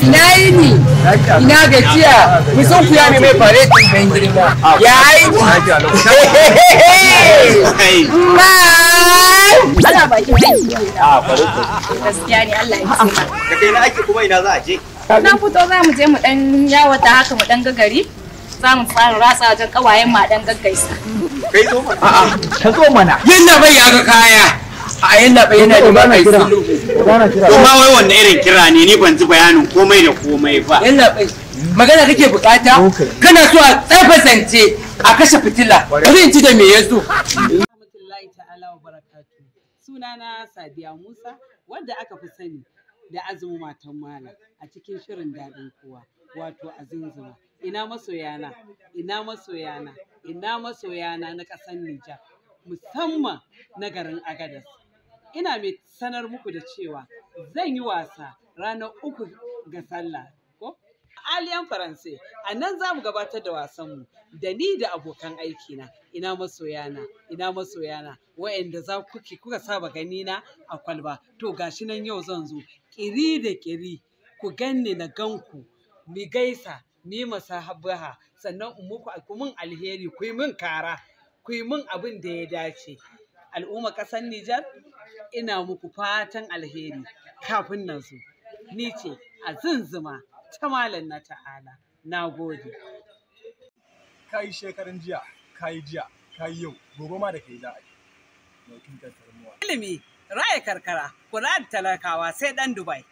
ina yini ina gajiya musun kuya ne mai fare tun ban girma ya aiki ma ana bakin aiki a fare gaskiya ne Allah ya tsaya da kai na aiki kuma ina za a je na fito za mu je mu ɗan yawata haka mu dan gagari za mu fara ratsa wajen kawayen madan gaggaisa. Kai zo mana. A'a, ka zo mana. Yanda bai ya ga kaya. A yanda bai yana da bana kira. Bana ma wai wannan irin kira ne ni ban ji bayanin komai da komai ba. Yanda bai magana kake bukata? Kana so a tsafasance a kashe fitila. Zan ci da me ya zo. Sunana Sadiya Musa wanda aka fi sani da azumin matan malam a cikin shirin daɗin kowa wato a zunzuma ina masoyana ina masoyana ina masoyana na ƙasar Nijar musamman na garin Agadas ina mai sanar muku da cewa zan yi wasa ranar uku ga sallah Alien Faransai. A nan za mu gabatar da wasanmu da ni da abokan aikina, ina masoyana, ina masoyana, wa'anda za kuke kuka saba gani na a kwalba. To gashi nan yau zan zo, kiri da kiri ku ganni na ganku, mi gaisa, mi masahabaha, sannan in muku mun alheri, ku yi min kara, ku yi min abin da ya dace. Al'umma ƙasar Nijar, ina muku fatan alheri kafin nan su. Ni ce a zunzuma ta malam na ta'ala na gode kai yi shekarun jiya ka yi jiya ka yau gobe ma da kai za a yi ilimi raya karkara kula da talakawa sai dan dubai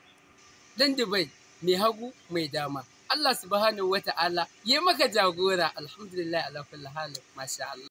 dan dubai mai hagu mai dama Allah subhanahu wa ta'ala ya maka jagora alhamdulillah ala kulli hal